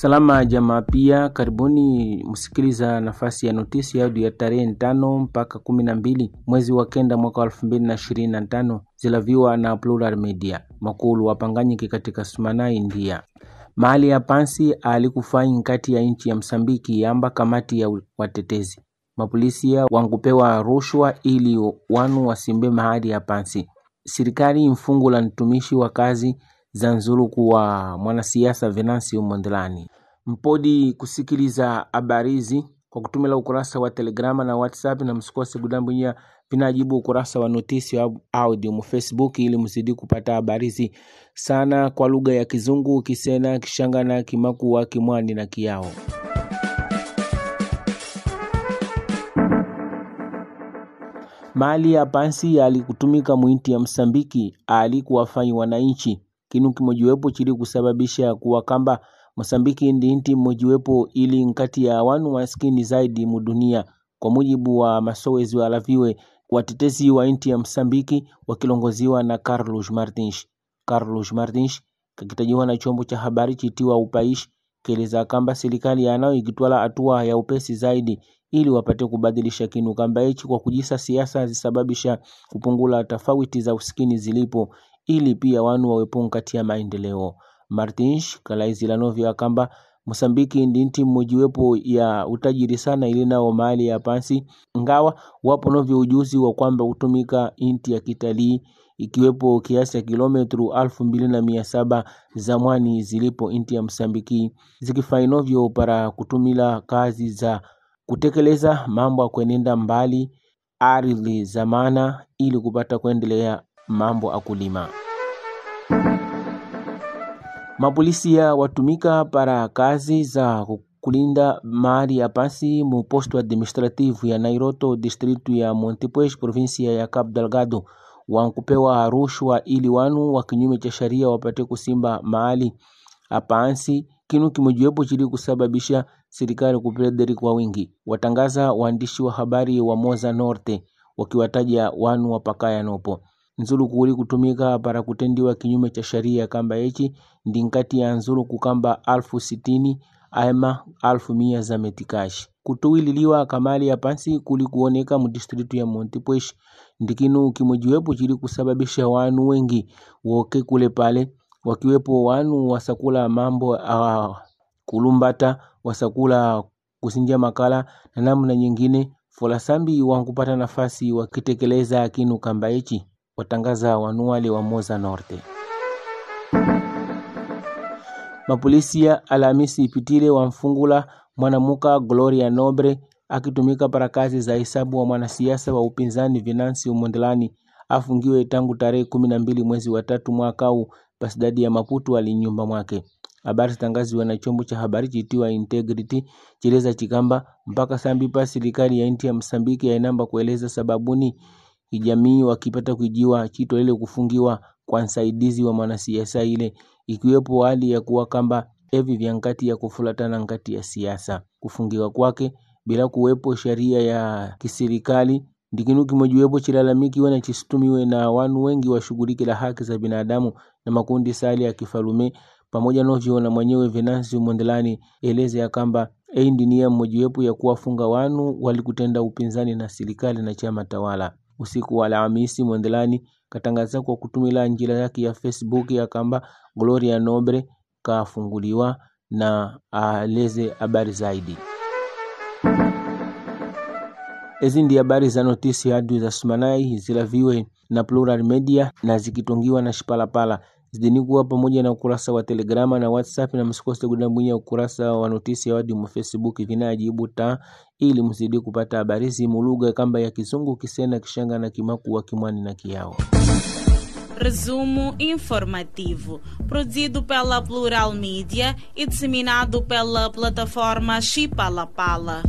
Salama jamaa pia, karibuni msikiliza nafasi ya notisi audio ya tarehe ntano mpaka kumi na mbili mwezi wa kenda mwaka elfu mbili na ishirini na tano zilaviwa na Plural Media makulu wapanganyiki katika sumana India mahali ya pansi alikufai nkati ya nchi ya Msambiki yamba kamati ya watetezi mapolisia wangupewa rushwa ili wanu wasimbe mahali ya pansi sirikali mfungula ntumishi wa kazi za nzuluku wa mwanasiasa Venancio mondlani mpodi kusikiliza habari hizi kwa kutumila ukurasa wa telegrama na whatsapp na msikose kudambwinya vinajibu ukurasa wa notisi wa audio mu facebook ili mzidi kupata habari hizi sana kwa lugha ya kizungu kisena kishangana kimakua kimwani na kiao mali ya pansi alikutumika muinti ya msambiki alikuwafanyi wananchi kinu kimojiwepo chili kusababisha kuwa kamba Mosambiki ndi nti mmojiwepo ili nkati ya wanu maskini zaidi mudunia kwa mujibu wa masowezi walaviwe watetezi wa nti ya Msambiki wakilongoziwa na Carlos Martins. Carlos Martins kakitajiwa na chombo cha habari chitiwa Upaish kieleza kamba serikali yanayo ikitwala hatua ya upesi zaidi ili wapate kubadilisha kinu kamba hichi kwa kujisa siasa zisababisha kupungula tofauti za usikini zilipo ili pia wanu wawepo kati ya maendeleo. Martins Kalaizilanovia kamba Mosambiki ndi nti mojiwepo ya utajiri sana ilinao mahali ya pansi, ngawa wapo novyo ujuzi wa kwamba hutumika inti ya kitalii ikiwepo kiasi ya kilometru alfu mbili na mia saba za mwani zilipo inti ya Msambiki zikifainovyo para kutumila kazi za kutekeleza mambo ya kwenenda mbali ardhi zamana ili kupata kuendelea mambo akulima Mapolisia watumika para kazi za kulinda mali ya pasi mu posto administrativo ya Nairoto, distritu ya Montepuez, provincia ya Cabo Delgado. Wankupewa rushwa ili wanu wa kinyume cha sheria wapate kusimba mali apansi kinu kimojiwepo chili kusababisha serikali kupederi kwa wingi, watangaza waandishi wa habari wa Moza Norte wakiwataja wanu wapakaya nopo nzuru kuli kutumika para kutendiwa kinyume cha sharia kamba echi ndi nkati ya nzuru kukamba alfu sitini ama alfu mia za metikashi kutuwililiwa kamali ya pansi kuli kuoneka mu distritu ya Montepuez ndikinu kimojiwepo chili kusababisha wanu wengi woke kule pale wakiwepo wanu wasakula mambo uh, kulumbata wasakula kusinja makala na namna nyingine folasambi wankupata nafasi wakitekeleza kinu kamba ichi watangaza wanuali wa Moza Norte. Mapolisi ya Alhamisi ipitile wamfungula mwanamuka Gloria Nobre akitumika para kazi za hesabu wa mwanasiasa wa upinzani Venancio Mondlane afungiwe tangu tarehe kumi na mbili mwezi wa tatu mwaka huu pasidadi ya Maputo alinyumba mwake. Habari zitangaziwa na chombo cha habari chitiwa Integrity chileza chikamba mpaka sambipa serikali ya inti ya Msambiki yainamba kueleza sababuni kijamii wakipata kuijiwa kitu ile kufungiwa kwa nsaidizi wa mwanasiasa ile, ikiwepo hali ya kuwa kamba evi vya ngati ya kufulatana ngati ya siasa. Kufungiwa kwake bila kuwepo sheria ya kisirikali ndikinu kimojiwepo chilalamiki na chistumiwe na wanu wengi washughulike la haki za binadamu na makundi sali ya kifalume pamoja noviona mwenyewe Venansi Mondelani eleze ya kamba ei ndi nia mmojiwepo ya kuwafunga wanu walikutenda upinzani na serikali na chama tawala usiku wa Alhamisi mwendelani katangaza kwa kutumila njira yake ya Facebook ya kamba Gloria nobre kafunguliwa na aleze habari zaidi. Hizi ndi habari za notisi hadu za sumanai zilaviwe na Plural Media na zikitungiwa na Shipalapala. Zidini kuwa pamoja na ukurasa wa Telegrama na WhatsApp na msikose kudambwinya ukurasa wa notisi ya wadimu Facebook vinajibu ta ili mzidi kupata habarizi mulugha kamba ya Kizungu, Kisena, Kishanga na wa Kimwani na Kiao. Resumo informativo, produzido pela Plural Media e disseminado pela plataforma Chipala Pala.